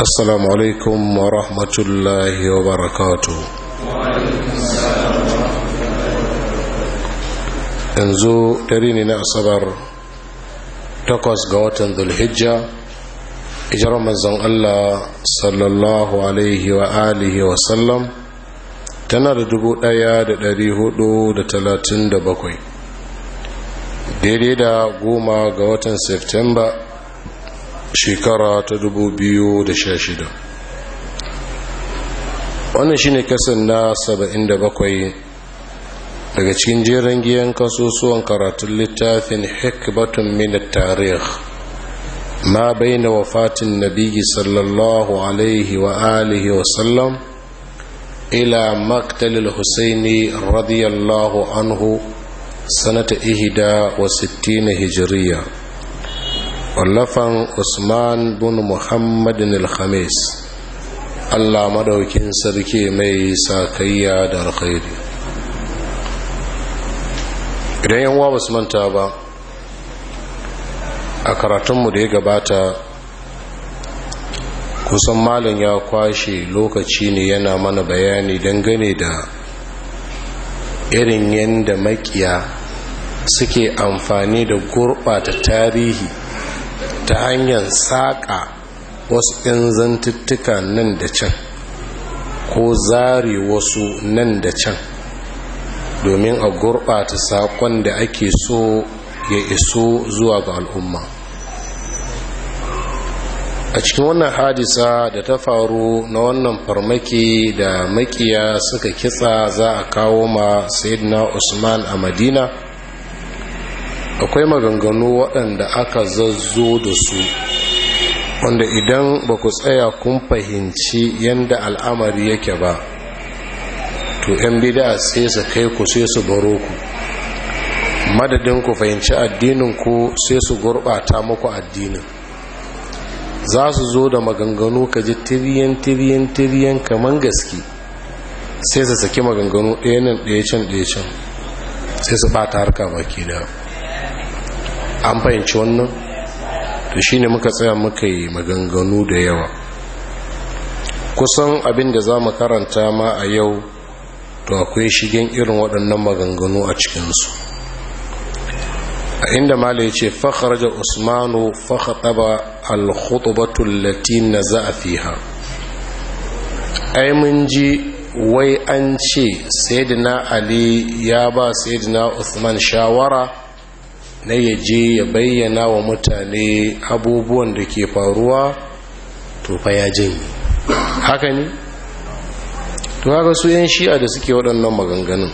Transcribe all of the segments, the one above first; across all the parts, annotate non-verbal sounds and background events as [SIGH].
السلام عليكم ورحمة الله وبركاته yanzu dare ne na asabar takwas ga watan zulhijja ijar mazan Allah sallallahu alaihi wa alihi wa sallam tana da dubu ɗaya da dari hudu da talatin da bakwai daidai da goma ga watan septemba shekara ta 2016 wannan shi ne kasan na 77 daga cikin jerin giyan kasusuwan karatun littafin hikbatun min tarih ma baina wafatin nabiyyi sallallahu alaihi wa alihi wa sallam ila maktalil husaini radiyallahu anhu sanata ihida wa 60 hijiriya kwallafan usman bin muhammadin al allah madaukin sarki mai sakayya da alkhairi idan yan wawa su manta ba a karatunmu da ya gabata kusan malin ya kwashe lokaci ne yana mana bayani dangane da irin yadda makiya suke amfani da gurɓata tarihi ta hanyar saƙa wasu ɗin zantuttuka nan da can ko zare wasu nan da can domin a gurɓata saƙon da ake so ya iso zuwa ga al'umma a cikin wannan hadisa da ta faru na wannan farmaki da makiya suka kitsa za a kawo ma na usman a madina akwai maganganu waɗanda aka zazzo da su wanda idan ba ku tsaya kun fahimci yadda al'amari yake ba to 'yan bida sai su kai ku sai su baro ku madadin ku fahimci addinin ku sai su gurɓata maku addinin za su zo da maganganu ka ji tiriyan tiriyan tiriyan kaman gaske sai su saki maganganu ɗayanan ɗayacin ɗaya sai su ɓata harka baki da an fahimci wannan to shine muka tsaya muka yi maganganu da yawa kusan abin da za mu karanta ma a yau to akwai shigen irin waɗannan maganganu a cikinsu a inda mala ya ce da usmanu fakhataba al-khutubatu allati naza'a fiha ai mun ji wai an ce sayyidina ali ya ba sayyidina usman shawara na ya je ya bayyana wa mutane abubuwan da ke faruwa to fa ya janye haka ne to haka su yan shi'a da suke waɗannan maganganun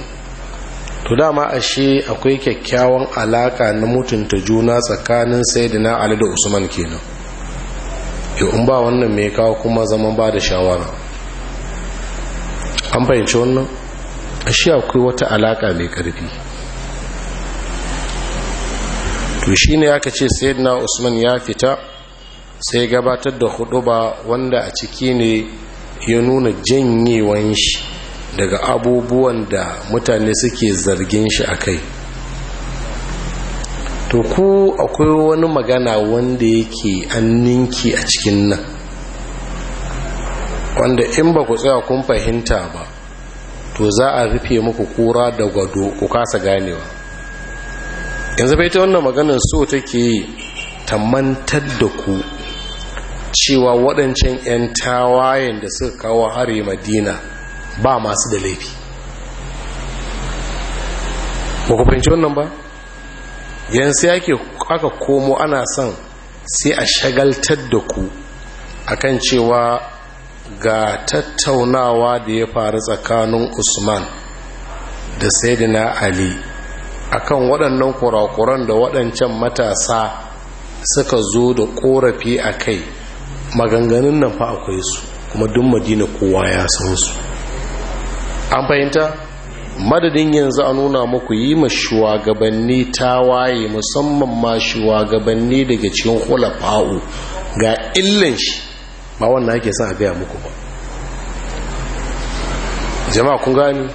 to dama ashe akwai kyakkyawan alaka na mutunta juna tsakanin sayyidina ali da usman kenan yau in ba wannan mai kawo kuma zaman ba da shawara an fahimci wannan ashe akwai wata alaka mai karfi to shi ya aka ce sayyidina usman ya fita sai gabatar da ba wanda a ciki ne ya nuna janyewan shi daga abubuwan da mutane suke zargin shi a kai to ku akwai wani magana wanda yake an ninki a cikin nan wanda in ba ku tsaya kun fahimta ba to za a rufe muku kura da gwado ku kasa ganewa yanzu bai ta wannan maganar so take yi ta da ku cewa waɗancan 'yan tawayen da suka kawo hare madina ba masu da laifi ba ku fahimci wannan ba yanzu yake aka komo ana son sai a shagaltar da ku akan cewa ga tattaunawa da ya faru tsakanin usman da saidina ali akan waɗannan kurakuran da waɗancan matasa suka zo da ƙorafi a kai maganganun nan fa akwai su kuma duk madina kowa ya san su an fahimta madadin yanzu a nuna muku yi ma shugabanni ta waye musamman ma shugabanni daga cikin hulafa'u ga illan shi ba wannan ake son a gaya muku ba jama'a kun gani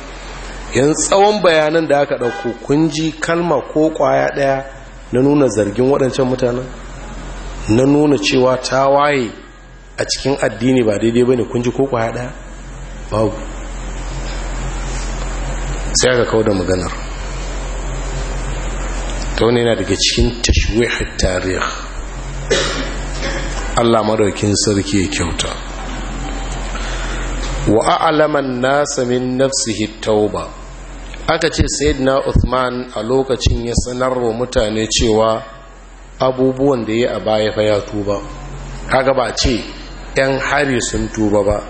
yan tsawon bayanan da aka ɗauko kunji kalma ko ƙwaya ɗaya na nuna zargin waɗancan mutanen na nuna cewa ta waye a cikin addini ba daidai ba ne kunji ko ƙwaya ɗaya babu sai aka kawo da maganar ta yana daga cikin tashwihar tarih allah maraukin sarki ya kyauta wa a'alaman nasa min nafsihi tauba aka ce na uthman a lokacin ya sanar wa mutane cewa abubuwan da ya a baya fa ya tuba kaga ba ce yan hari sun tuba ba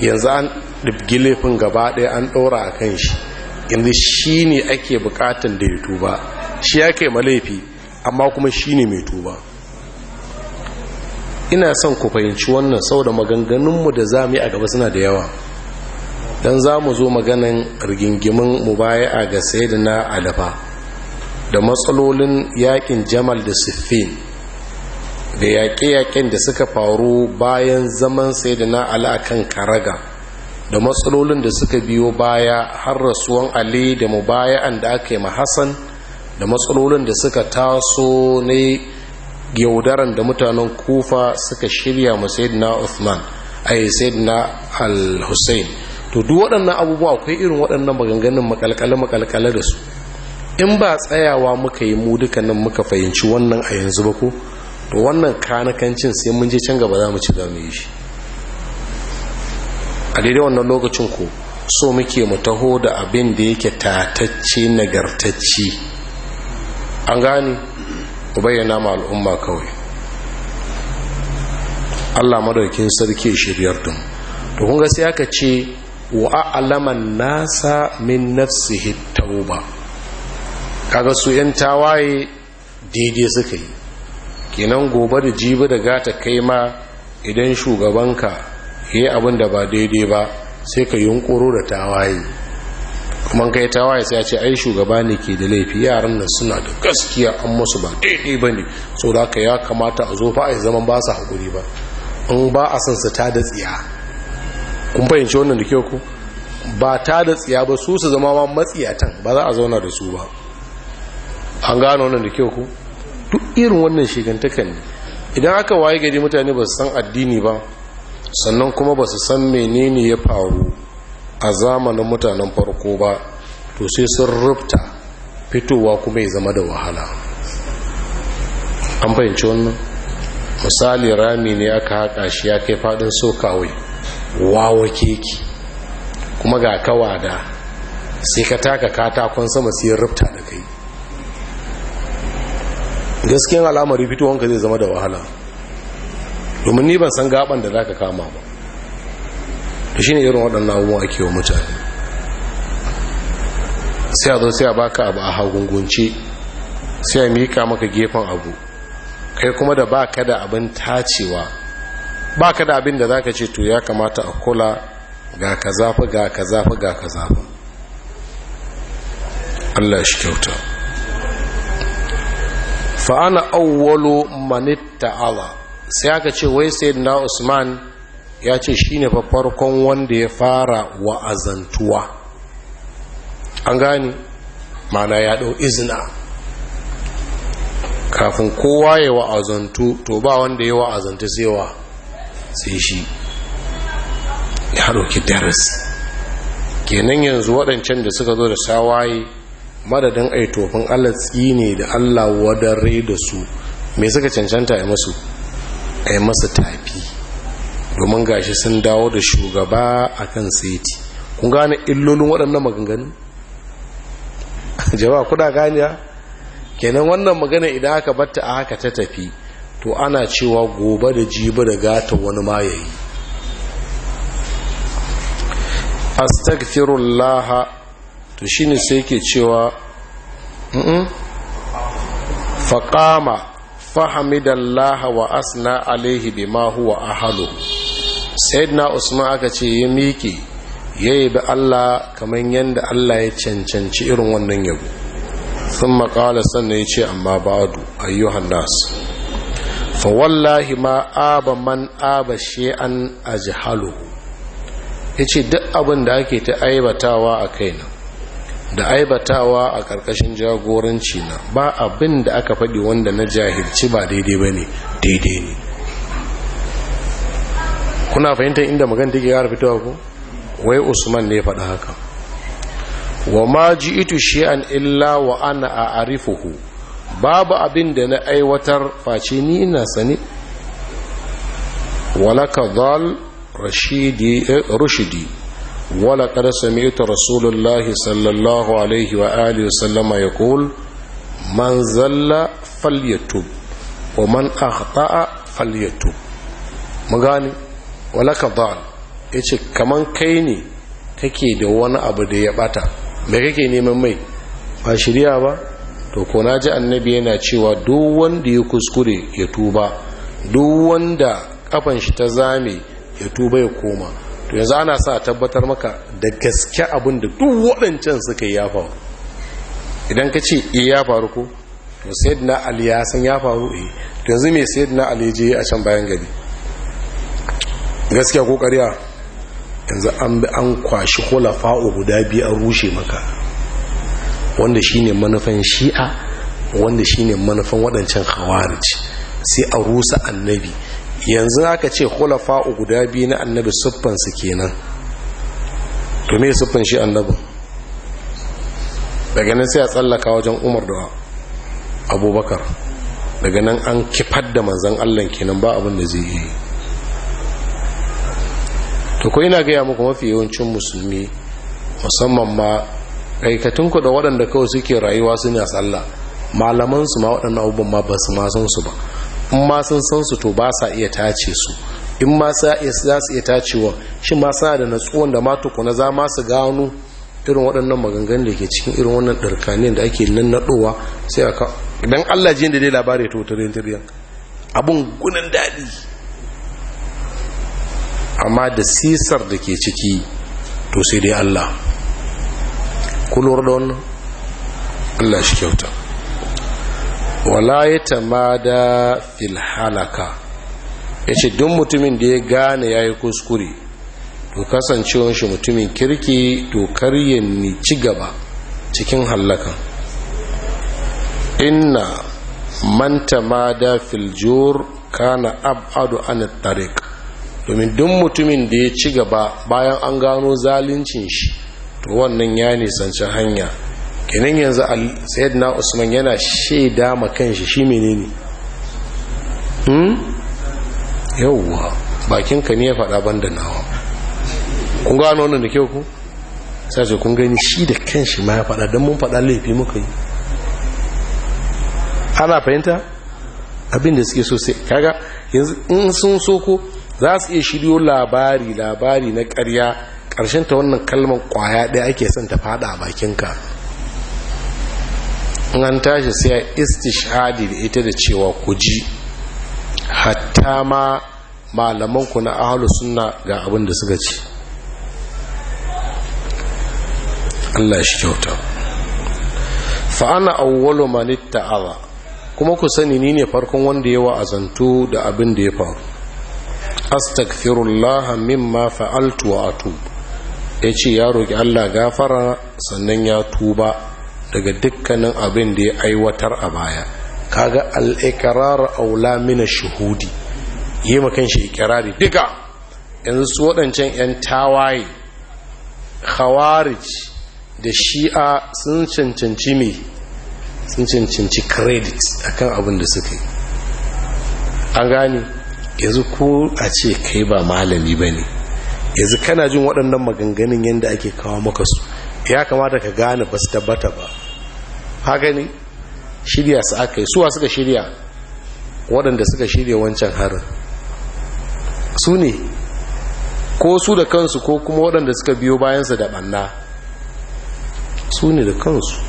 yanzu an dubgi laifin gaba ɗaya an ɗora a kan shi yanzu shi ne ake bukatan da ya tuba shi ya kai malaifi amma kuma shi ne mai tuba ina son ku fahimci wannan sau da maganganunmu da za mu yi a gaba suna da yawa don za mu zo maganin rigingimin mubaya'a ga sayyidina alafa da matsalolin yakin jamal da siffin da yaƙe-yaƙen da suka faru bayan zaman sayyidina ala kan karaga da matsalolin da suka biyo baya har rasuwan ali da mubaya'an da aka yi Hassan da matsalolin da suka taso ne yaudaran da mutanen kufa suka shirya mu sayyidina uthman a yi sayyidina al-hussein to duk waɗannan abubuwa akwai irin waɗannan maganganun makalkale-makalkale da su in ba tsayawa muka yi mu nan muka fahimci wannan a yanzu ba ko to wannan kanakancin sai mun je can gaba za mu ci za mu yi shi a daidai wannan lokacin ko so muke mu taho da abin da yake tatacce nagartacce an gani ku bayyana ma al'umma kawai Allah madaukin sarki shiryar mu to kun ga sai aka ce wa a'laman nasa min nafsihi tauba kaga su yan tawaye daidai suka yi kenan gobe da jibi da gata kai ma idan shugabanka yayi abin da ba daidai ba sai ka yunkuro da tawaye kuma kai tawaye sai a ce ai shugaba ne ke da laifi yaran nan suna da gaskiya an musu ba daidai ba ne so da ya kamata a zo fa a zaman ba su haƙuri ba in ba a son su ta da tsiya kun fahimci wannan da kyau ku ba ta da tsiya ba su su zama ma matsiyatan ba za a zauna da su ba an gano wannan da kyau ku duk irin wannan shigantakan ne idan aka waye gari mutane ba su san addini ba sannan kuma ba su san menene ya faru a zamanin mutanen farko ba to sai sun rufta fitowa kuma ya zama da wahala an fahimci wannan misali rami ne aka haƙa shi ya kai faɗin so kawai wawa keki kuma ga kawa da sai ka taka katakon sama sai rufta da kai gaskiyan al'amari fitowanka zai zama da wahala domin ni ban san gaban da zaka kama ba da shi ne irin waɗannan abubuwa ake wa mutane sai a zo sai a baka abu a hagungunce sai a mika maka gefen abu kai kuma da ba ka da abin tacewa ba ka da abin da za ka ce to ya kamata a kula ga ka zafi ga ka zafi ga ka zafi Allah shi kyauta fa'ana auwalo manitta ala sai aka ce wai sai na usman ya ce shi ne farkon wanda ya fara wa'azantuwa an gani mana ya ɗau izina kafin kowa ya wa'azantu to ba wanda ya wa'azantu sai wa sai shi ya ɗauki darasi kenan yanzu waɗancan da suka zo da sawaye madadin aitofin allah tsine da allah wadare da su mai suka cancanta ya masu a masa tafi domin gashi sun dawo da shugaba a kan saiti kun gane illolin waɗannan maganganu [LAUGHS] jawa kuna gani kenan wannan magana idan aka batta a haka ta tafi to ana cewa gobe da jibi da gata wani ma yayi astaghfirullah to shine sai yake cewa faqama fahamidallaha wa asna alaihi bima huwa ahlu sayyidina usman aka ce ya miki. ya yabi Allah kaman yanda Allah ya cancanci irin wannan yabo sun maƙala sannan ya ce amma ba'adu ayyuhan nasu fa wallahi ma aba man aba shi'an ajhalu yace duk abin da ake ta aibatawa a kaina da aibatawa a karkashin jagoranci na ba abin da aka faɗi wanda na jahilci ba daidai bane daidai ne kuna fahimtar inda magana take ya fitowa ko wai usman ne ya faɗa haka wa ma ji'itu shi'an illa wa ana a'rifuhu babu abin da na aiwatar face ni ina sani walaka zal rashidi eh, rushidi wala qad sami'tu rasulullahi sallallahu alaihi wa alihi sallama yaqul man zalla falyatub wa man akhta'a falyatub Mu gane walaka Ya yace kaman kai ne kake da wani abu da ya bata me kake neman mai ba shirya ba to ko na ji annabi yana cewa duk wanda ya kuskure ya tuba duk wanda kafan shi ta zame ya tuba ya koma to yanzu ana sa tabbatar maka da gaske abin da duk waɗancan suka ya faru idan ka ce eh, ya faru ko to sayyidina ali ya san ya faru eh to yanzu me sayyidina ali je a can bayan gari gaskiya ko ƙarya yanzu an an kwashi guda biyu an rushe maka wanda shine manufan shi'a wanda shine manufan waɗancan khawarici sai a rusa annabi yanzu aka ce khulafa guda biyu na annabi siffan su kenan to me siffan shi annabin daga nan sai a tsallaka wajen umar da abubakar daga nan an kifar da manzan allah kenan ba abin da zai yi to ko ina gaya muku mafi yawancin musulmi musamman ma aikatun eh, da waɗanda kawai suke rayuwa su suna sallah malaman su ma waɗannan abubuwan ma ba su ma san su ba in ma sun san su to ba sa iya tace su in ma sa iya za su iya tacewa shi ma suna da natsuwan da ma tukuna za ma su gano irin waɗannan maganganun da ke cikin irin wannan ɗarkanin da ake nannaɗowa sai aka dan Allah ji da dai labari to tare tare abun gunan daɗi amma da sisar da ke ciki to sai dai Allah kulur da wannan Allah shi kyauta wala ya tamada fil halaka ya ce duk mutumin da ya gane ya yi kuskure to kasancewar shi mutumin kirki to karye ni ci gaba cikin halaka inna man tamada fil jur kana abadu an tariq domin duk mutumin da ya ci gaba bayan an gano zalincin shi to wannan ya nisanci hanya kenan yanzu sayyidina usman yana shaida ma kanshi shi menene hmm yawwa bakin ka ne ya faɗa banda nawa kun gano wannan da kyau ku sai kun gani shi da kanshi ma ya faɗa don mun faɗa laifi muka yi ana fahimta abin da suke so sai kaga yanzu in sun so ko za su iya shiryo labari labari na ƙarya ƙarshen ta wannan kalmar ƙwaya ɗaya ake son ta fada a bakinka in an tashi sai istishhadi da ita da cewa ku ji hatta ma malamanku na ahalu suna ga abin da suka ce Allah shi kyauta fa'ana awwalu manitta aza kuma ku sani ni ne farkon wanda ya wa'azantu da abin da ya faru astagfirullah mimma fa'altu wa atubu ya ce ya roƙi Allah gafara sannan ya tuba daga dukkanin abin da ya aiwatar a baya kaga al-iqrar aula min shuhudi yi makan shi ikirari duka yanzu su waɗancan 'yan tawaye khawarij da shi'a sun cancanci mai sun cancanci credit akan abin da suka yi an gani yanzu ko a ce kai ba malami ba ne yanzu kana jin waɗannan maganganun yadda ake kawo maka su ya kamata ka gane ba su tabbata ba ha gani shirya su aka yi suwa suka shirya waɗanda suka shirya wancan harin su ne ko su da kansu ko kuma waɗanda suka biyo bayansa da ɓanna su ne da kansu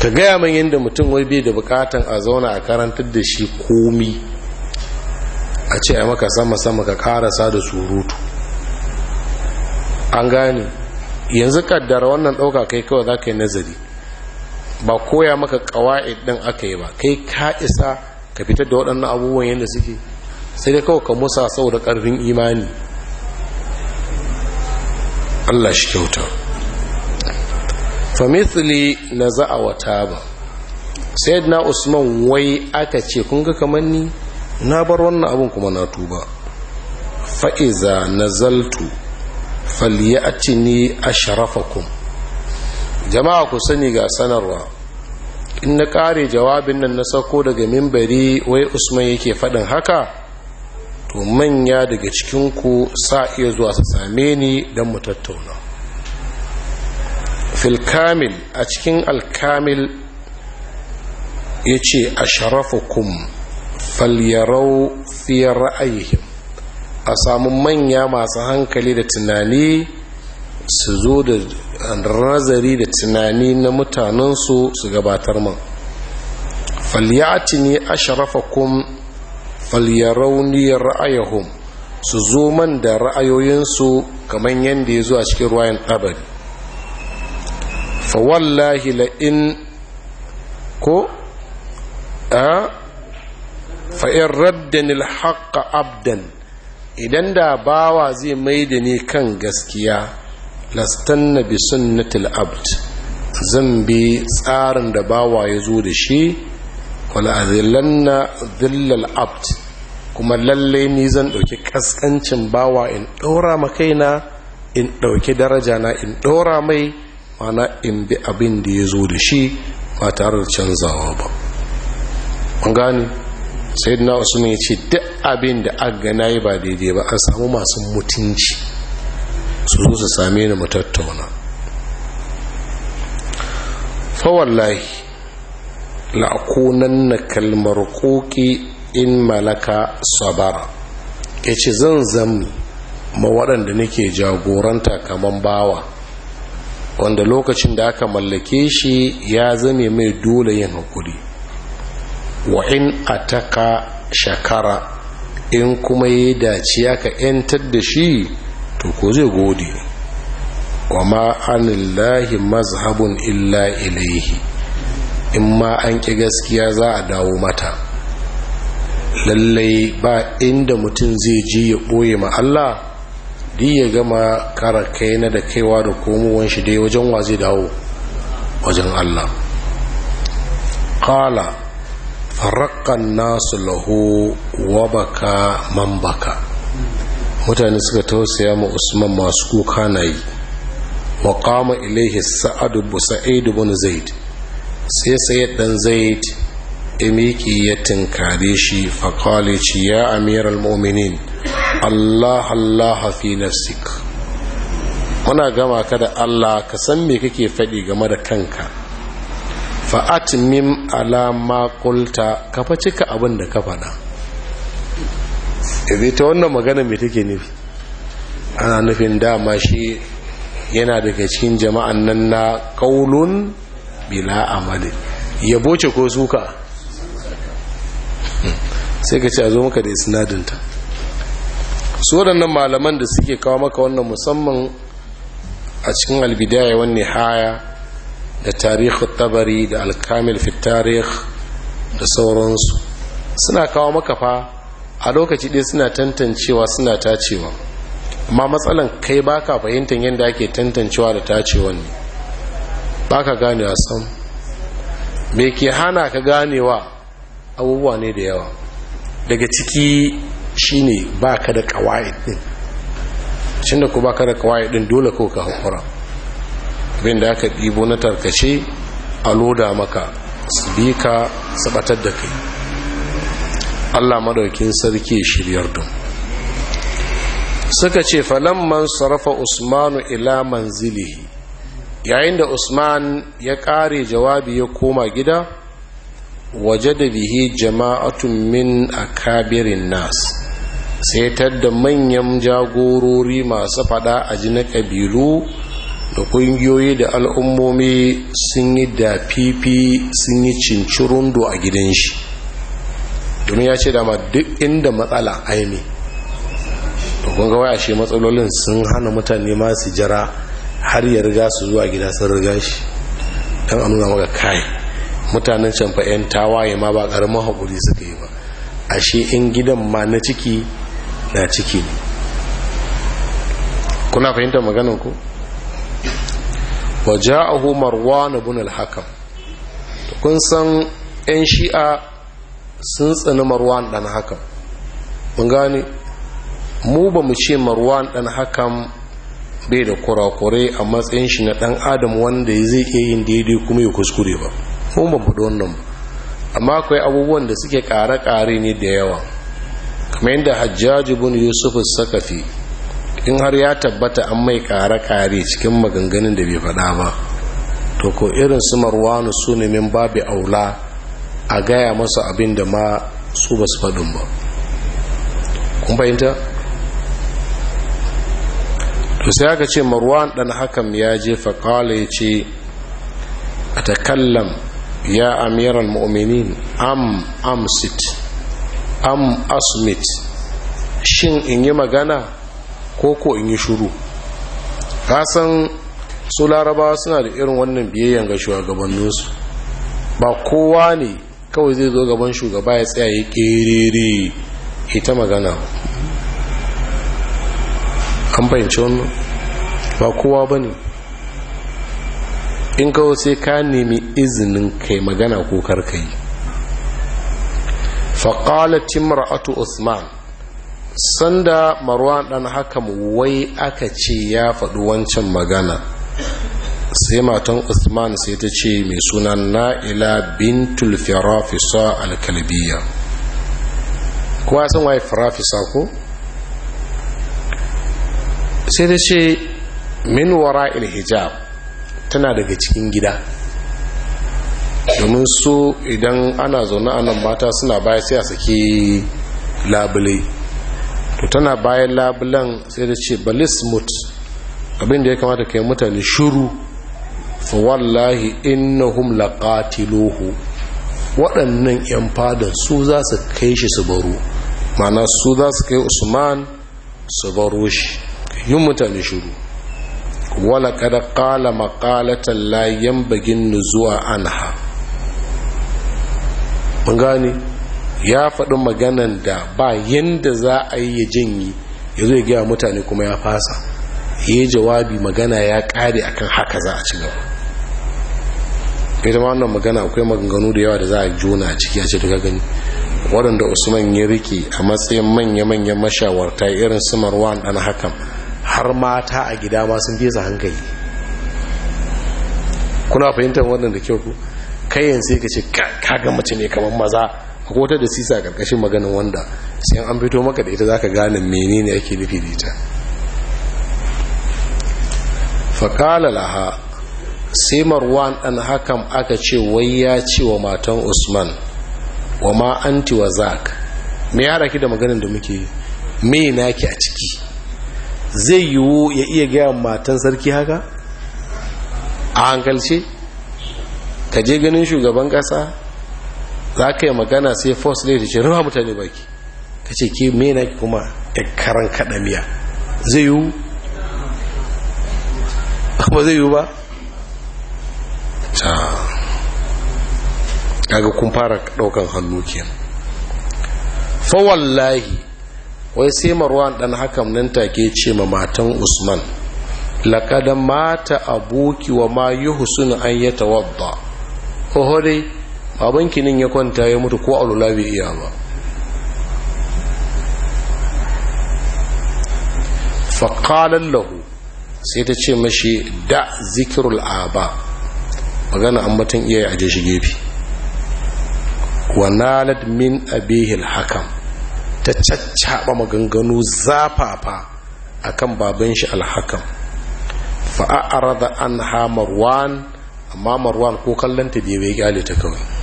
ka gaya man yadda mutum wai bai da bukatan a zauna a karantar da shi komi a ce a maka sama-sama ka karasa da surutu an gane yanzu kaddara wannan ɗauka kai kawai za ka yi nazari ba koya maka ƙawa'id ɗin aka yi ba kai ka isa ka fitar da waɗannan abubuwan yadda suke sai dai kawai ka musa saboda ƙarfin imani Allah shi kyauta famithili na za'a wata ba na usman wai aka ce kun ga kamar ni na bar wannan abin kuma na tuba fa'iza ne a sharafa kum. jama'a ku sani ga sanarwa in na kare jawabin nan na sako daga mimbari wai usman yake faɗin haka to manya daga cikinku sa iya zuwa su same ni don mu tattauna filkamil a cikin alkamil ya ce a sharafakum falyarau fi ra'ayihim a samu manya masu hankali da tunani su zo da nazari da tunani na mutanensu su gabatar man falyati ne a sharafakum falyarauni ra'ayahum su zo man da ra'ayoyinsu kamar yadda ya zo a cikin ruwayan ɗabari fawallahi la'in ko a fa'in raddanil haƙa abdan idan da bawa zai mai da ni kan gaskiya lastanna bi sunnatil abd zan bi tsarin da bawa ya zo da shi azillanna dhillal abd kuma lalle ni zan ɗauki ƙasƙancin bawa in ɗora kaina in ɗauki daraja na in ɗora mai mana in bi abin da ya zo da shi ba tare da canzawa ba. gani sai na usman ya ce duk abin da aga na yi ba daidai ba a samu masu mutunci su zo su same ni mu tattauna fawallahi la'akunan na kalmar koki in malaka sabara ya ce zan zamni ma waɗanda nake jagoranta kamar bawa wanda lokacin da aka mallake shi ya zame mai dole yin hakuri wa in ataka shakara in kuma yi daciya ka yantar da shi to ko zai gode wa ma anillahi mazhabun illa ilaihi in ma an ƙi gaskiya za a dawo mata lallai ba inda mutum zai ji ya ɓoye ma Allah duk ya gama kara na da kaiwa da komowar shi dai wajen wa zai dawo wajen Allah Ƙala. farraƙan nasu laho wabaka mambaka mutane suka tausaya ma usman masu kuka na yi wa kama ilaihi sa'adu sa'idu bin zaid sai sayyid dan zaid imiki ya tinkare shi faƙali ci ya amir al-mominin allah allah fi nafsik muna gama ka da allah ka san me kake faɗi game da kanka fa'atmim alama kulta ka cika abin da ka faɗa Ebe ta wannan magana mai take nufi ana nufin dama shi yana daga cikin jama'an nan na kaulun bila amali yabo ce ko suka hmm. sai ka ce a zo maka da sinadinta. su waɗannan malaman da suke kawo maka wannan musamman a cikin albidaya wani haya da tarihi tabari da alkamil fi tarih da sauransu suna kawo maka fa a lokaci ɗaya suna tantancewa suna tacewa amma matsalan kai baka fahimtar yadda ake tantancewa da tacewan ne baka ganewa sam me ke hana ka ganewa abubuwa ne da yawa daga ciki shine baka da kawai din shin da ku baka da kawai din dole ko ka hakura abin da aka ɗibo na tarkace a loda maka su bi ka sabatar da kai allah maɗaukin sarki shiryar don suka ce man sarrafa usmanu ila manzilihi yayin da usman ya ƙare jawabi ya koma gida waje da bihi jama'atun min akabirin nas sai tadda manyan jagorori masu fada a ji na ƙabilu da ƙungiyoyi da al'ummomi sun yi da fifi sun yi cincirundo a gidan shi domin ya ce dama duk inda matsala aini da kunga waya shi matsalolin sun hana mutane masu jira har ya riga su zuwa gida sun riga shi don a nuna maka kai mutanen canfa 'yan tawaye ma ba ƙaramin haƙuri suka yi ba ashe in gidan ma na ciki na ciki ne kuna fahimtar maganin ku? wa ja'ahu marwan ibn al-hakam kun san yan shi'a sun tsani marwan ɗan hakam mun gane mu ba mu ce marwan ɗan hakam bai da kurakure a matsayin shi na ɗan adam wanda zai iya yin daidai kuma ya kuskure ba mu ba mu wannan amma akwai abubuwan da suke ƙare-ƙare ne da yawa kamar yadda hajjaji bin yusuf sakafi in har ya tabbata an mai kare-kare cikin maganganun da bai faɗa ba to ko irin su marwanu su ne min babu aula a gaya masa abin da ma su ba su faɗin ba kun fahimta to sai aka ce marwan ɗan hakan ya je faƙala ya ce a takallam ya amiral mu'minin am amsit am asmit shin in yi magana ko ko in yi shuru kasan su larabawa suna da irin wannan biyayyan ga shugabanninsu ba kowa ne kawai zai zo gaban shugaba ya tsaya ya ƙerere ita magana an bayanci wani ba kowa ba ne in kawai sai ka nemi izinin kai magana ko karkai faƙalatin mara'atu usman sanda marwan dan hakam wai aka ce ya faɗi wancan magana sai matan usman sai ta ce mai suna na'ila bintul firafisa alkalbiya kowa sun waye firafisa ko sai ta ce min wara hijab tana daga cikin gida domin su idan ana zaune a nan mata suna baya sai a saki labule to tana bayan labulan sai da ce balismut abinda ya kamata kai mutane shuru fa wallahi innahum laqatiluhu waɗannan 'yan fadan su za su kai shi su baro mana su za su kai usman su baro shi yin mutane shuru wala kada kala makalatan layan bagin zuwa anha gani gane ya faɗi maganan da ba yadda za a yi ya janyi ya zo ya gaya mutane kuma ya fasa ya yi jawabi magana ya ƙare akan haka za a ci gaba ya ma wannan magana akwai maganganu da yawa da za a jona a ciki a ce daga gani waɗanda usman ya rike a matsayin manya-manyan mashawarta irin su marwa ɗan hakan har mata a gida ma sun fesa hankali kuna fahimtar wannan da kyau ku kayan sai ka ce kaga mace ne kamar maza akwai wata da sisa karkashin maganin wanda sai an fito maka da ita za ka gane menene ake nufi da ita faƙala laha sai marwan ɗan hakan aka ce wai ya ce wa matan usman wa ma anti wa zak me ya raki da maganin da muke me naki a ciki zai yiwu ya iya gaya matan sarki haka a hankalce ka je ganin shugaban ƙasa za ka yi magana sai force ne da ce ruwa mutane baki ka ce ke mena kuma ya karan kaɗamiya zai yiwu [LAUGHS] ba zai yiwu ba ta kaga kun fara ɗaukan hannu ke fawallahi wai sai marwan ɗan hakan nan take ce ma matan usman laƙada mata aboki wa ma yi husun an yi tawadda babanki kinin ya kwanta ya mutu ko a lula bai iya ba faƙalar lahu sai ta ce mashi da zikirul aba magana an iya yi aje shi gefe wanalad min abihil hakam ta caccaɓa maganganu zafafa a kan baban shi alhakam da an ha marwan amma marwan ko ta bai bai kyale ta kawai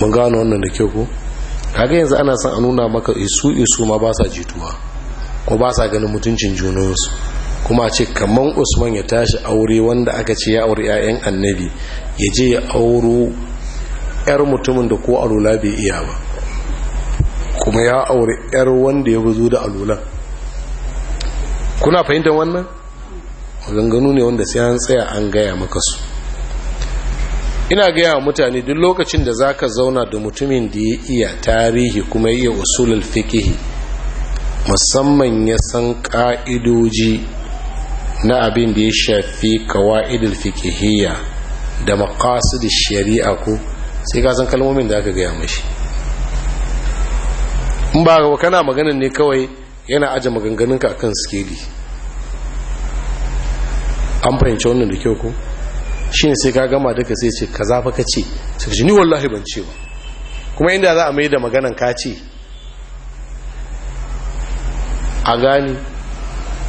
mun gano wannan da kyau ko kaga yanzu ana son a nuna maka isu isu ma ba sa jituwa ko ba sa ganin mutuncin junansu kuma ce kaman usman ya tashi aure wanda aka ce ya aure 'ya'yan annabi ya je ya auro 'yar mutumin da ko alula bai iya ba kuma ya aure 'yar wanda ya buzo da alula kuna fahimtar wannan maganganu ne wanda sai an tsaya an gaya maka su ina gaya wa mutane duk lokacin da za ka zauna da mutumin da ya iya tarihi kuma ya iya usulul fikihi musamman ya san ƙa'idoji na abin da ya shafi kawa'idul fikihiyya da da shari'a ko sai ka san kalmomin da aka gaya mashi in ba ga kana maganan ne kawai yana aje maganganunka akan skeli an fahimci wannan da kyau ko shi sai ka gama duka sai ce ka zafa ka ce su ji ni wallahi ban ce ba kuma inda za a mai da maganan ka ce a gani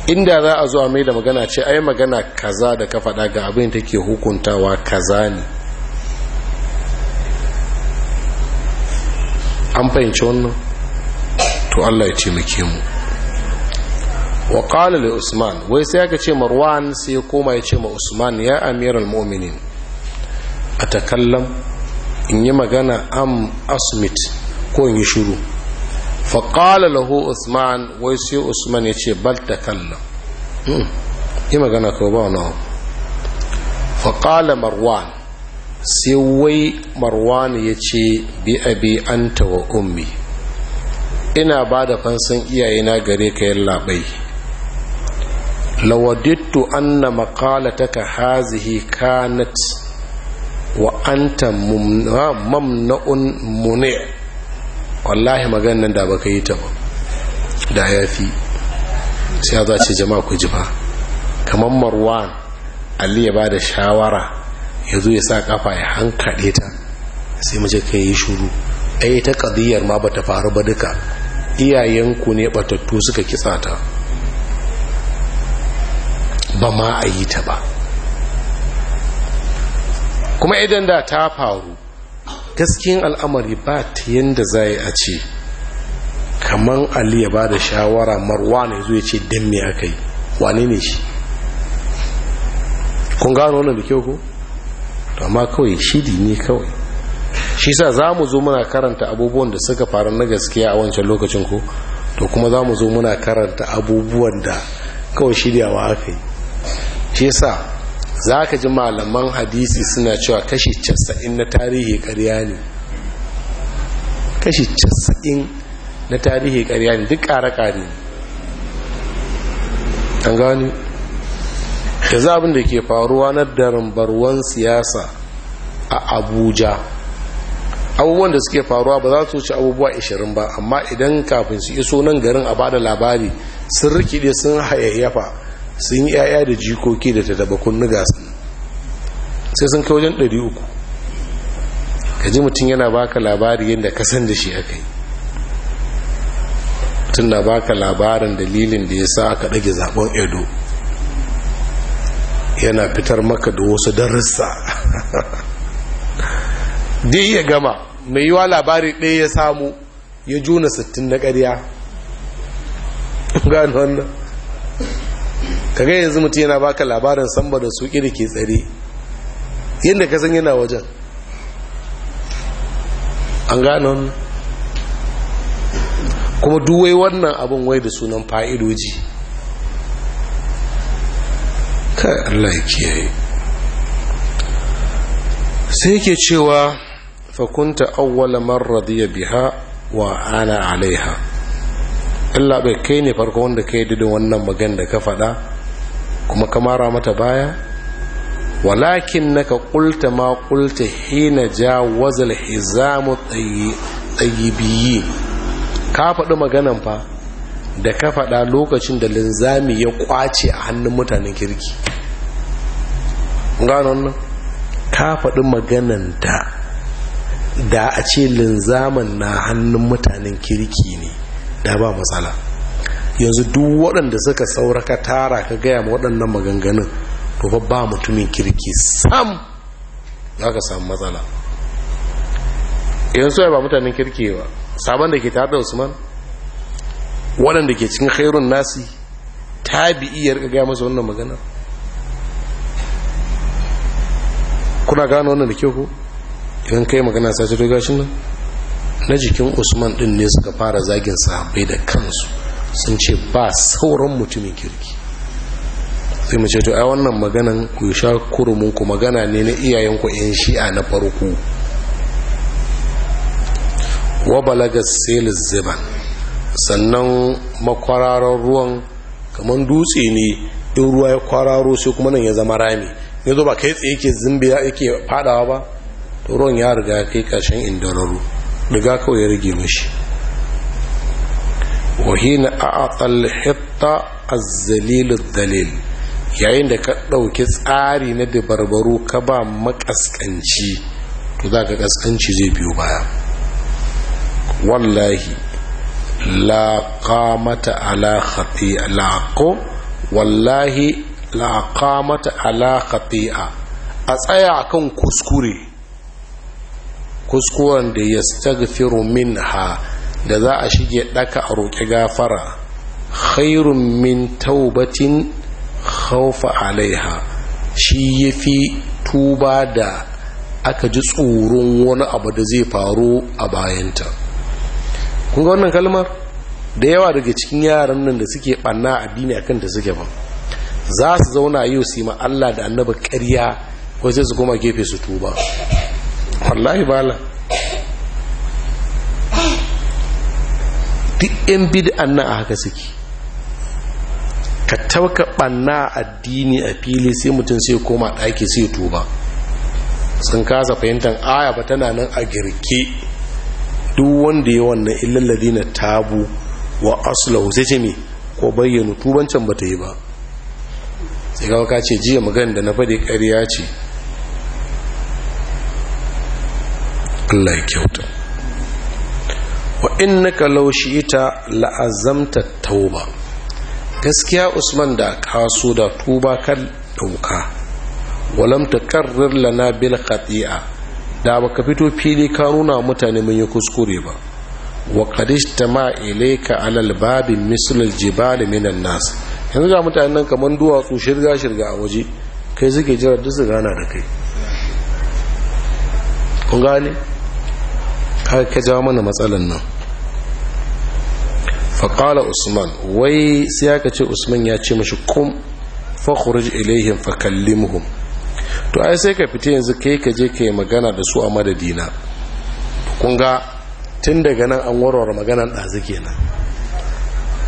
inda za a zo a mai da magana ce ai magana kaza da ka faɗa ga abin ke hukuntawa kaza ne an fahimci wannan to allah ya ce mu wa qala usman wai sai aka ce marwan sai ya koma ya ce ma usman ya amiral mu'minin atakallam in yi magana am asmit ko in yi shiru fa qala lahu usman wai sai usman ya ce bal takallam hmm, yi magana ko ba wani fa qala marwan sai wai marwan ya ce bi abi anta wa ummi ina ba da fansan iyayena gare ka yin labai lawadittu anna maqalataka hazihi kanat wa anta mamna'un muni wallahi maganan da baka yi ta ba da yafi sai za ce jama'a ku ji fa kamar marwan ali ya bada shawara ya zo ya sa kafa ya hankade ta sai je kai yi shuru ai ta kadiyar ma bata faru ba duka iyayenku ne batattu suka kitsa ta ba ma a yi ta ba kuma idan da ta faru gaskiyan al'amari ba ta yadda za a ce kamar ali ya ba da shawara marwa ne zuwa ce dan mai aka yi wane ne shi kun gano wani da kyau ko amma kawai shidi ne kawai shi sa za mu zo muna karanta abubuwan da suka faru na gaskiya a wancan lokacin ko to kuma za mu zo muna karanta abubuwan da kawai shidiyawa aka yi shi yasa za ka ji malaman hadisi suna cewa kashi casa'in na tarihi karya ne kashi casa'in na tarihi karya ne duk ƙara-ƙari ne an gani da abin da ke faruwa na darambarwan siyasa a abuja abubuwan da suke faruwa ba za su ci abubuwa 20 ba amma idan kafin su iso nan garin a bada labari sun rikide sun hayayyafa sun yi 'ya'ya da jikoki da ta tatabakun gasa sai sun kai wajen 300 ka ji mutum yana baka labari yadda ka san da shi aka yi mutum na baka labarin dalilin da ya sa aka ɗage zaben edo yana fitar maka da wasu darussa [LAUGHS] dai ya gama mai yiwa labari ɗaya ya samu ya juna 60 na ƙarya gano wannan Ka kaga yanzu mutum yana baka labarin samba da suki da ke tsari, yadda ka san yana wajen an gano kuma duwai wannan abin wai da sunan fa'idoji ka Allah ya kiyaye sai yake cewa fakunta awwala radiya biha wa ana alaiha Allah bai kai ne farko wanda ka yi didin wannan magan da ka faɗa kuma kamara mata baya walakin naka kulta ma kulta hina ja wazal hizamu tsayibiyi ka faɗi maganan fa da ka faɗa lokacin da linzami ya ƙwace a hannun mutanen kirki ganon nan ka faɗi maganan da da a ce linzamin na hannun mutanen kirki ne da ba matsala yanzu duk waɗanda suka sauraka tara ka gaya ma waɗannan maganganun to fa ba mutumin kirki sam za ka samu matsala yanzu ya ba mutanen kirki ba sabon da ke tare da usman waɗanda ke cikin khairun nasi ta bi iyar ka gaya masa wannan magana kuna gano wannan da kyau ku idan kai magana sai ta dogashin nan na jikin usman din ne suka fara zagin sahabbai da kansu sun ce ba sauran mutumin kirki sai mu ce to ai wannan maganan ku sha kurumin ku magana ne na iyayen ku yan shi'a na farko wa balaga seliz ziban sannan makwararon ruwan kamar dutse ne in ruwa ya kwararo sai kuma nan ya zama rami ne zo ba kai tsaye yake ya yake fadawa ba to ruwan ya riga kai karshen indararu riga kawai ya rage mashi wahina a atal hitta azzalilu dalil yayin da ka ɗauki tsari na dabarbaru ka ba makaskanci to za ka kaskanci zai biyo baya wallahi laƙamata qamata ala wallahi laƙamata qamata ala a tsaya akan kuskure kuskuren da ya min ha. da za a shige daka a roƙi gafara khairun min taubatin haufa alaiha shi ya fi tuba da aka ji tsoron wani abu da zai faru a bayanta kunga wannan kalmar da yawa daga cikin yaran nan da suke ɓanna a addini akan da suke ba za su zauna yau su ma Allah da annaba ƙarya ko sai su koma gefe su tuba wallahi bala duk yan bid'an nan a haka suke ka tauka a addini a fili sai mutum sai koma ɗaki sai tuba sun kasa fahimtar aya ba tana nan a girke duk wanda ya wannan illalladi na tabu wa aslahu sai ce ko bayyana tubancan ba ta yi ba sai kawai ka ce jiya magana da na faɗi ƙarya ce Allah ya kyauta wa innaka law shi'ita la'azamta tauba gaskiya usman da kaso da tuba kan dauka walam takarrir lana bil khati'a da baka fito fili ka nuna mutane mun yi kuskure ba wa qad istama ilayka alal babi misl al jibal min an nas yanzu ga mutanen nan kaman duwatsu shirga shirga a waje kai suke jira duk su gana da kai kun gane har ka jawo mana matsalan nan faƙala usman wai sai aka ce usman ya ce mashi kum fakhruj ilaihim kallimhum to ai sai ka fita yanzu kai ka je kai magana da su a madadina kun ga tun daga nan an warware maganan ɗazu kenan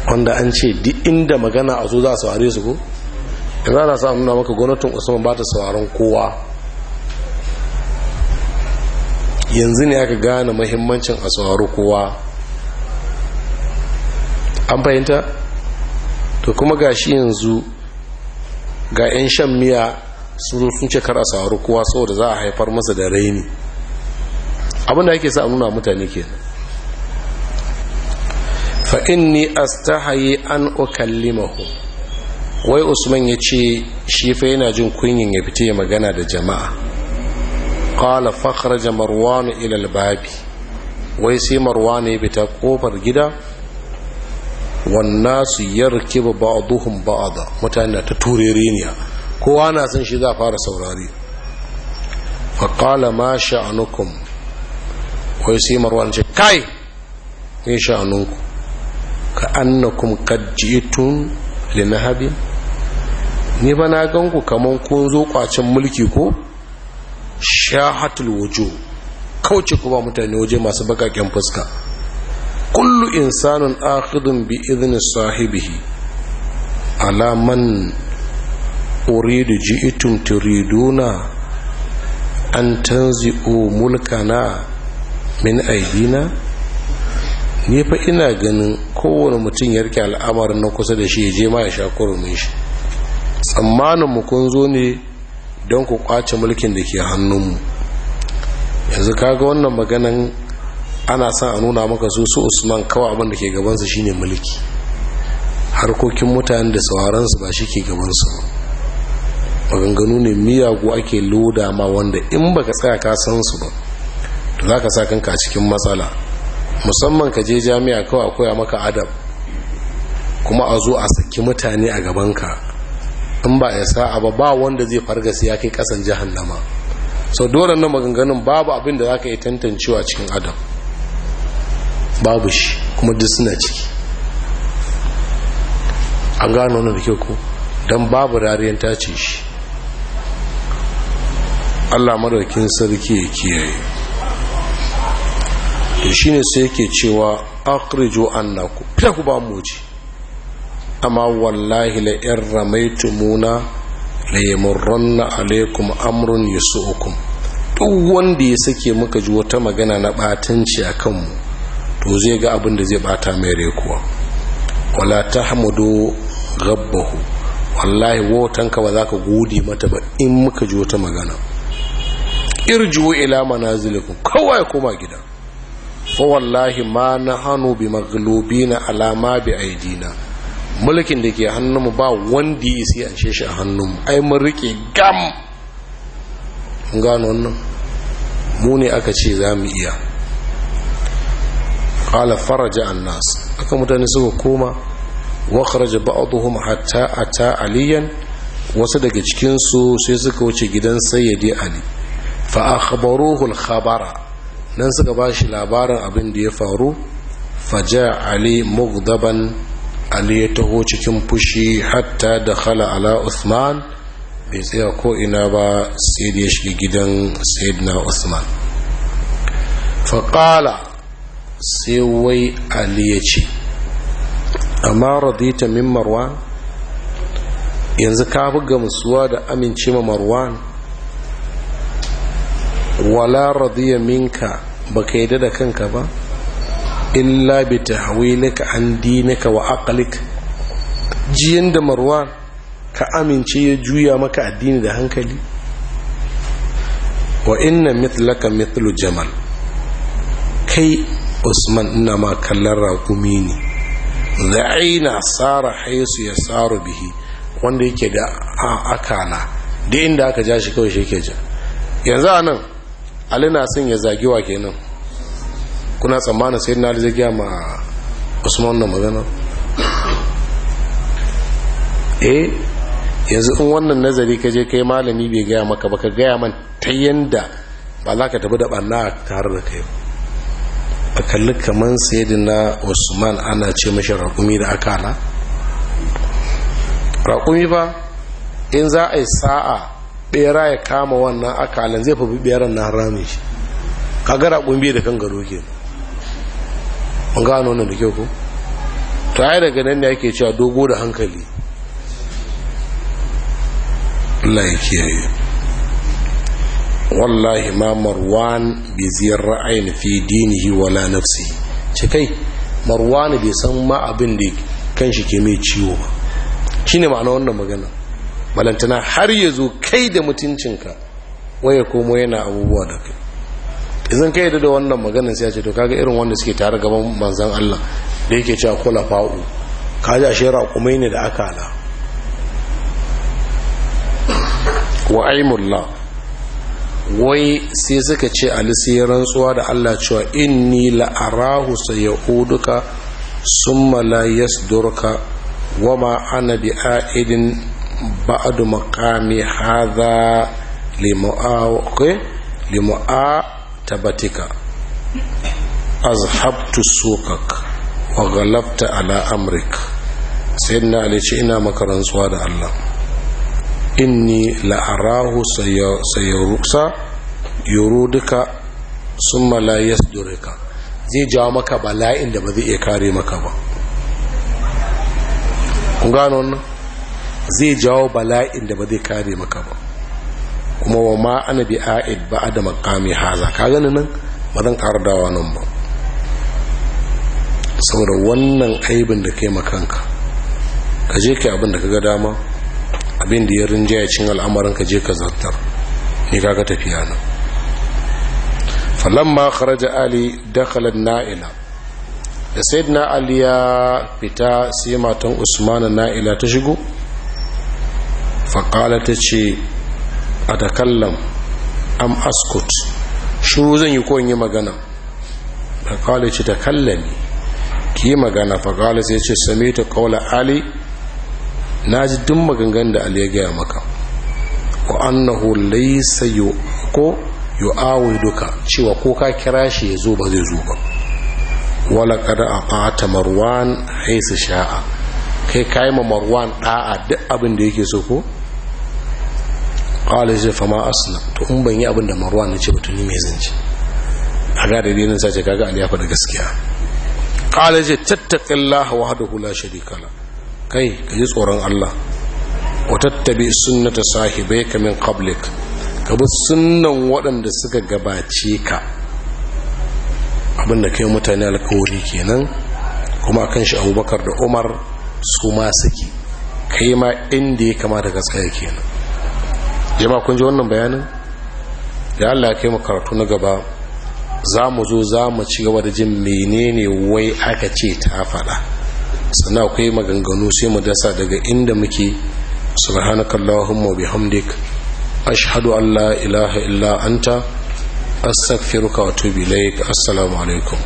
wanda an ce duk inda magana a zo za a saurare su ko za a samu nuna maka gwamnatin usman ba ta sauraron kowa yanzu ne aka gane mahimmancin a sauraro kowa an fahimta to kuma ga shi yanzu ga 'yan shan miya sun ce kar a sauraro kowa saboda za a haifar masa da raini abinda ake sa nuna mutane ni fa'inni astahayi an ukallimahu wai usman ya ce shi fa yana jin kunyin ya fita ya magana da jama'a qala fakhraja marwan ila babi wai sai marwan ya kofar gida wannan su yarkibu ba'dhum ba'da ta turereniya kowa na san shi saurari fa qala ma ka annakum ni ba na ganku kamar kun zo kwacin mulki ko shahatul wujo kauce kuma mutane waje masu bakaken fuska kullu insanin akhidun bi idhni sahibihi ala man uridu ji'tum turiduna an tanzi'u mulkana min aidina ni fa ina ganin kowane mutum ya rike al'amarin na kusa da shi ya je ma ya sha kurumin shi tsammanin mu kun zo ne don ku kwace mulkin da ke hannunmu yanzu kaga wannan maganan ana sa a nuna maka su su usman kawai abin da ke gabansu shine mulki harkokin mutane da sauransu ba shi ke gabansu maganganu ne miyagu ake loda ma wanda in ba ka tsaya ka san su ba to za ka sa kanka cikin matsala musamman ka je jami'a kawai a koya maka adab kuma a zo a saki mutane a gabanka in ba ya sa'a ba ba wanda zai farga sai ya kai kasan jahannama so dole na maganganun babu abin da za ka yi tantancewa cikin adam babu shi kuma duk suna ciki an gano na da kyau ko don babu rariyan tace shi Allah madaukin sarki ya kiyaye da shi ne sai yake cewa akhriju an fita ku ba mu ji amma wallahi la in ramaitumuna la yamurranna alaikum amrun yusukum duk wanda ya sake muka ji wata magana na batanci a kanmu to zai ga abin da zai bata mai kuwa, wala tahmudu rabbahu wallahi ka ba za ka gode mata ba in muka ji wata magana irjiwo ila manazilikum kawai kuma koma gida fa wallahi ma na hannu bi maglubina alama bi aidina mulkin da ke hannunmu ba wanda ya siya ce shi a hannunmu ai mun rike gam gano wannan mu ne aka ce za mu iya ƙala faraja an nasu aka mutane suka koma wakaraja ba'aduhum hatta ata aliyan wasu daga cikinsu sai suka wuce gidan sayyadi ali fa akhbaruhu al-khabara nan suka ba shi labarin abin da ya faru faja ali mughdaban ali ya taho cikin fushi hatta da khala ala usman bai tsaya ko ina ba sai da ya shiga gidan sayyidina usman faƙala sai wai ali ya ce amma radita min marwan yanzu ka buga gamsuwa da amince ma marwan wala radiya minka baka yi da kanka ba illa bi tahwilika an dinika wa aqlik jiyan da marwan ka amince ya juya maka addini da hankali wa inna mithlaka mithlu jamal kai usman ina ma kallon raƙumi ne za'ina tsara haisu ya tsaro bihi wanda yake da akala da inda aka ja shi kawai shi ke ja yanzu a nan alina sun ya zagiwa kenan kuna tsammanin sai na zai gyama ma usman na magana eh yanzu in wannan nazari ka je kai malami bai gaya maka ba ka gaya man ta yanda ba za ka tafi da ɓanna tare da kai Ba kalli kamar sai na usman ana ce mashi raƙumi da aka ala raƙumi ba in za a yi sa'a ɓera ya kama wannan akalan zai fi ɓeran na rami. shi kaga raƙumi da kan gado ba an gano wannan da kyau ko to ai daga nan ne ake cewa dogo da hankali Allah ya kiyaye wallahi ma marwan bi ziyar ra'ayin fi dinihi wala nafsi ce kai marwan bai san ma abin da kan shi ke mai ciwo ba ne ma'ana wannan magana balantana har ya zo kai da mutuncinka waya komo yana abubuwa da kai izan yi da wannan maganin sai ya ce to kaga irin wanda suke tare gaban manzan Allah da yake cewa kula fa'u kaji a shera kuma ne da aka ala wa aimullah wai sai suka ce ali sai rantsuwa da Allah cewa inni la'arahu sayahuduka summa la wa ma ana aidin ba'du maqami hadha limu'a limu'a martabatika azhabtu sukak wa galabta ala amrik sayyidina ali ce ina maka rantsuwa da Allah inni la'arahu sayaruksa duka, summa la yasdurika zai jawo maka bala'in da ba zai iya kare maka ba kun zai jawo bala'in da ba zai kare maka ba kuma wa ma ana bi a'id ba da makami haza ka gani nan ba zan ƙara dawa nan ba saboda wannan aibin da kai makanka ka je ka abin da ka ga dama abin da ya rinjaya cin al'amarin ka je ka zartar ni ka ga tafiya nan falamma kharaja ali dakhala na'ila da sayyidina ali ya fita sai matan usman na'ila ta shigo faqala ta ce a takallam am askut shu zan yi ko in yi magana da kawai ce takallami ki yi magana fa kawai sai ce same ta kawai ali na ji duk magangan da ali ya gaya maka wa annahu laysa ko yu'awi duka cewa ko ka kira shi ya zo ba zai zo ba wala kada a ɓata marwan haisa sha'a kai kayi ma marwan ɗa'a duk abin da yake so ko kawai zai fama asina to in ban yi abin da maruwa na ba tuni mai zance a ga da dinin sace gaga aliyafa liyafa da gaskiya kawai zai tattakin wahdahu la hula shirikala kai ka ji tsoron Allah wa tattabi sahi bai min kablik ka bi sunnan waɗanda suka gabace ka abinda kai mutane alkawari kenan kuma kan shi abubakar da umar su ma suke kai ma inda ya kamata ka tsaya kenan jama kun ji wannan bayanin da allah kai mu karatu na gaba za mu zo za mu ci gaba da jin menene wai aka ce ta faɗa sannan akwai maganganu sai mu dasa daga inda muke subhanakallahumma bihamdik ashhadu an la ilaha illa anta astaghfiruka wa atubu ilaik assalamu alaikum